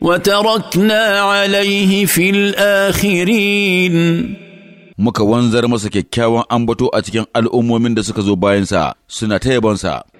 وتركنا عليه في الآخرين muka wanzar masa kyakkyawan ambato a cikin al'ummomin da suka zo bayansa suna ta yabonsa.